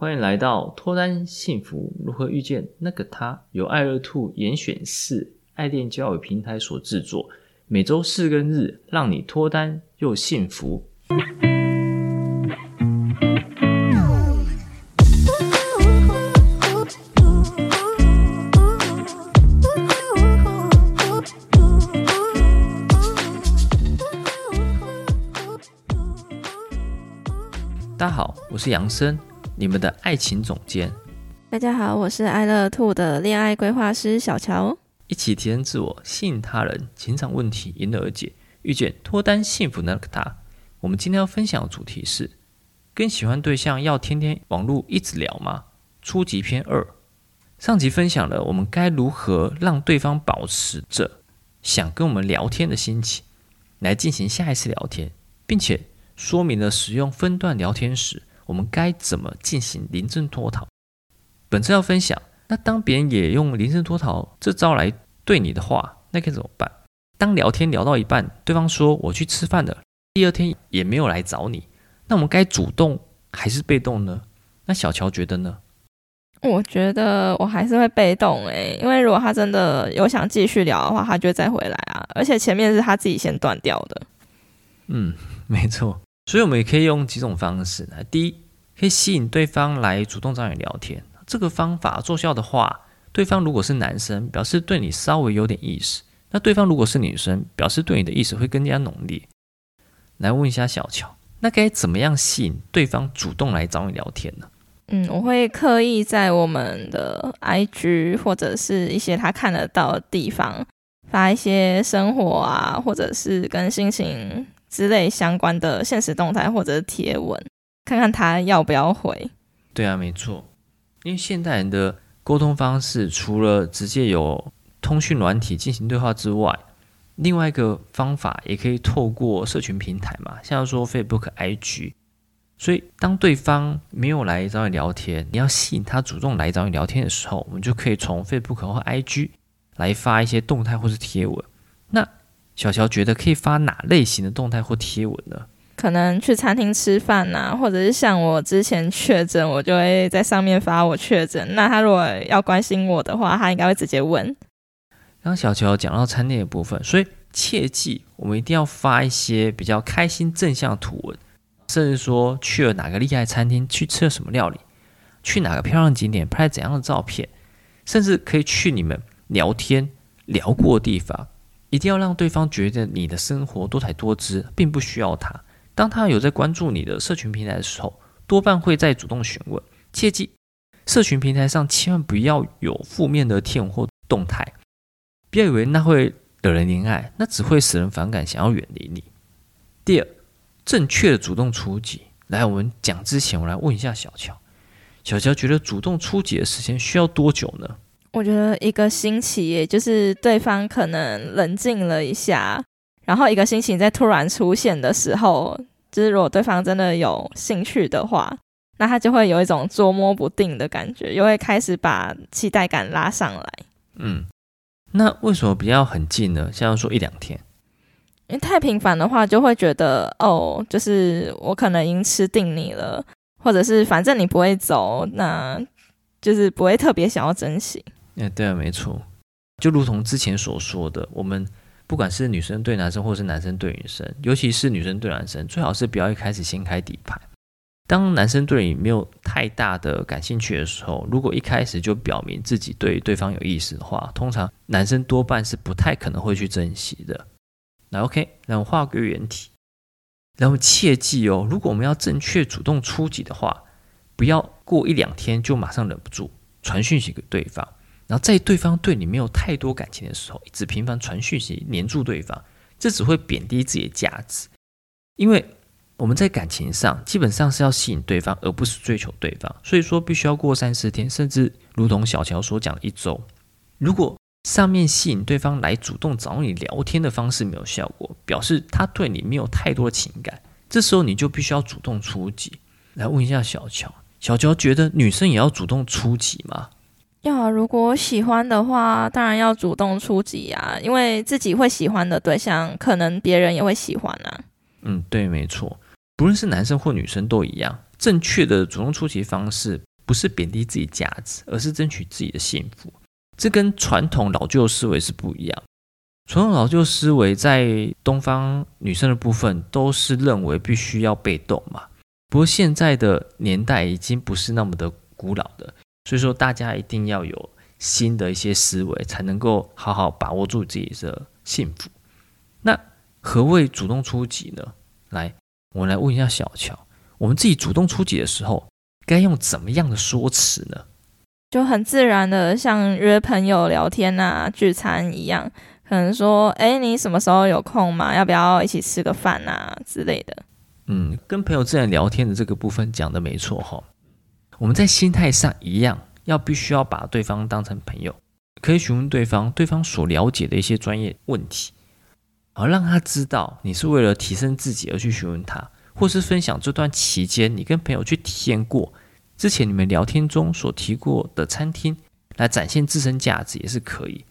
歡迎來到脫單幸福，如何遇見那個他？由愛樂 Two 嚴選四，愛戀交友平台所製作，每周四跟日讓你脫單又幸福。大家好，我是楊森。你們的愛情總監，大家好，我是愛樂 Two 的戀愛規劃師小喬，一起提升自我，吸引他人，情場問題迎刃而解，遇見脫單幸福那個他。我們今天要分享的主題是：跟喜歡對象要天天網絡一直聊嗎？初級篇二，上集分享了我們該如何讓對方保持着想跟我們聊天的心情來進行下一次聊天，並且說明了使用分段聊天時。我們該怎麼進行臨陣脫逃？本次要分享，那當別人也用臨陣脫逃這招來對你的話，那該怎麼辦？當聊天聊到一半，對方說我去吃飯了，第二天也沒有來找你，那我們該主動還是被動呢？那小喬覺得呢？我覺得我還是會被動欸，因為如果他真的有想繼續聊的話，他就會再回來啊。而且前面是他自己先斷掉的。嗯，沒錯。所以，我們也可以用幾種方式。第一，可以吸引對方來主動找你聊天。這個方法奏效的話，對方如果是男生，表示對你稍微有點意思；那對方如果是女生，表示對你的意思會更加濃烈。來問一下小喬，那該怎麼樣吸引對方主動來找你聊天呢？嗯，我會刻意在我們的 IG 或者是一些他看得到的地方發一些生活啊，或者是跟心情。之類相關的限時動態或者是貼文，看看他要不要回。對啊，沒錯，因為現代人的溝通方式除了直接有通訊軟體進行對話之外，另外一個方法也可以透過社群平台嘛，像說 Facebook、IG。所以當對方沒有來找你聊天，你要吸引他主動來找你聊天的時候，我們就可以從 Facebook 或 IG 來發一些動態或是貼文。那小喬覺得可以發哪類型的動態或貼文呢？可能去餐廳吃飯吶，啊，或者是像我之前確診，我就會在上面發我確診。那他如果要關心我的話，他應該會直接問。剛小喬講到餐廳的部分，所以切記，我們一定要發一些比較開心正向圖文，甚至說去了哪個厲害餐廳，去吃了什麼料理，去哪個漂亮景點拍怎樣的照片，甚至可以去你們聊天聊過的地方。一定要讓對方覺得你的生活多才多姿，並不需要他。當他有在關注你的社群平台的時候，多半會在主動詢問。切記，社群平台上千萬不要有負面的貼文或動態，不要以為那會惹人憐愛，那只會使人反感，想要遠離你。第二，正確的主動出擊。來，我們講之前，我來問一下小喬，小喬覺得主動出擊的時間需要多久呢？我覺得一個星期，也就是對方可能冷靜了一下，然後一個星期再突然出現的時候，就是如果對方真的有興趣的話，那他就會有一種捉摸不定的感覺，又會開始把期待感拉上來。嗯，那為什麼比較很近呢？像要說一兩天，因為太頻繁的話，就會覺得哦，就是我可能已經吃定你了，或者是反正你不會走，那就是不會特別想要珍惜。哎、欸，對啊，沒錯，就如同之前所說的，我們不管是女生對男生，或者是男生對女生，尤其是女生對男生，最好是不要一開始掀開底牌。當男生對你沒有太大的感興趣的時候，如果一開始就表明自己對對方有意思的話，通常男生多半是不太可能會去珍惜的。那 OK，那我回歸原題，然後切記哦，如果我們要正確主動出擊的話，不要過一兩天就馬上忍不住傳訊息給對方。然後在對方對你沒有太多感情的時候，一直頻繁傳訊息黏住對方，這只會貶低自己的價值。因為我們在感情上基本上是要吸引對方，而不是追求對方。所以說，必須要過三四天，甚至如同小喬所講的一周。如果上面吸引對方來主動找你聊天的方式沒有效果，表示他對你沒有太多的情感。這時候你就必須要主動出擊，來問一下小喬。小喬覺得女生也要主動出擊嗎？要，如果喜歡的話，當然要主動出擊啊！因為自己會喜歡的對象，可能別人也會喜歡啊。嗯，對，沒錯，不論是男生或女生都一樣。正確的主動出擊方式，不是貶低自己價值，而是爭取自己的幸福。這跟傳統老舊思維是不一樣。傳統老舊思維在東方女生的部分，都是認為必須要被動嘛。不過現在的年代已經不是那麼的古老的。所以說，大家一定要有新的一些思維，才能夠好好把握住自己的幸福。那何謂主動出擊呢？來，我們來問一下小喬：我們自己主動出擊的時候，該用怎麼樣的說辭呢？就很自然的，像約朋友聊天啊、聚餐一樣，可能說：“誒，你什麼時候有空嘛？要不要一起吃個飯啊之類的？”嗯，跟朋友自然聊天的這個部分講得沒錯哈、哦。我們在心態上一樣，要必須要把對方當成朋友，可以詢問對方、對方所了解的一些專業問題，而讓他知道你是為了提升自己而去詢問他，或是分享這段期間你跟朋友去體驗過之前你們聊天中所提過的餐廳，來展現自身價值也是可以。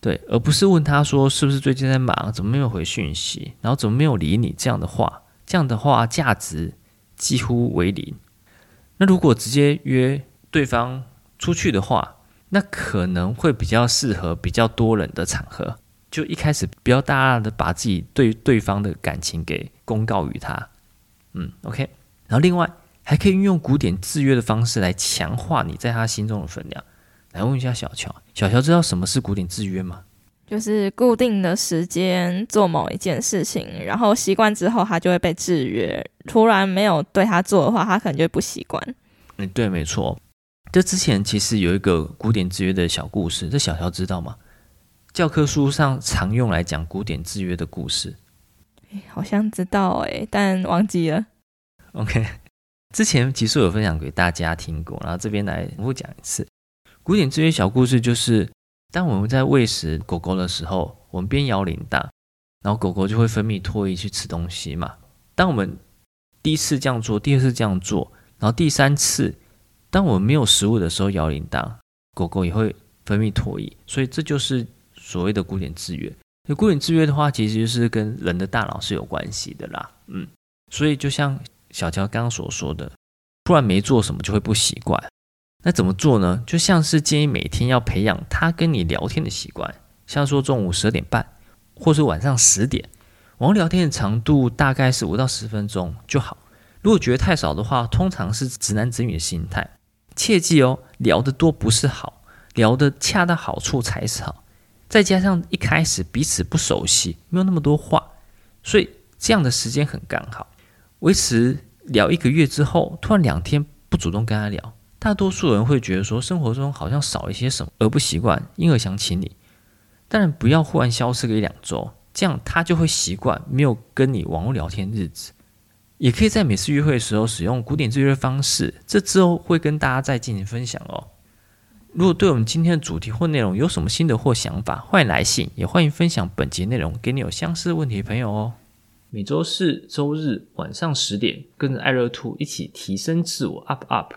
對，而不是問他說是不是最近在忙，怎麼沒有回訊息，然後怎麼沒有理你這樣的話，這樣的話價值幾乎為零。那如果直接約對方出去的話，那可能會比較適合比較多人的場合，就一開始不要大大的把自己對對方的感情給公告於他。嗯，OK。然後另外還可以運用古典制約的方式來強化你在他心中的分量。來問一下小喬，小喬知道什麼是古典制約嗎？就是固定的時間做某一件事情，然後習慣之後，他就會被制約。突然沒有對他做的話，他可能就會不習慣。嗯，對，沒錯。就之前其實有一個古典制約的小故事，這小喬知道嗎？教科書上常用來講古典制約的故事。欸、好像知道哎、欸，但忘記了。OK，之前其實有分享給大家聽過，然後這邊來重複講一次。古典制約小故事就是。當我們在餵食狗狗的時候，我們邊搖鈴鐺，然後狗狗就會分泌唾液去吃東西嘛。當我們第一次這樣做，第二次這樣做，然後第三次，當我們沒有食物的時候搖鈴鐺，狗狗也會分泌唾液。所以這就是所謂的古典制約。那古典制約的話，其實就是跟人的大腦是有關係的啦。嗯，所以就像小喬剛剛所說的，突然沒做什麼就會不習慣。那怎麼做呢？就像是建議每天要培養他跟你聊天的習慣，像說中午十二點半，或是晚上十點，我們聊天的長度大概是五到十分鐘就好。如果覺得太少的話，通常是直男直女的心態。切記哦，聊得多不是好，聊得恰到好處才是好。再加上一開始彼此不熟悉，沒有那麼多話，所以這樣的時間很剛好。維持聊一個月之後，突然兩天不主動跟他聊。大多數人會覺得說生活中好像少一些什麼，而不習慣，因而想起你。但不要忽然消失個一兩週，這樣他就會習慣沒有跟你網絡聊天日子。也可以在每次約會的時候使用古典制約的方式，這之後會跟大家再進行分享哦。如果對我們今天的主題或內容有什麼心得或想法，歡迎來信，也歡迎分享本集內容給你有相似問題的朋友哦。每週四週日晚上十點，跟着愛樂 Two 一起提升自我，up up。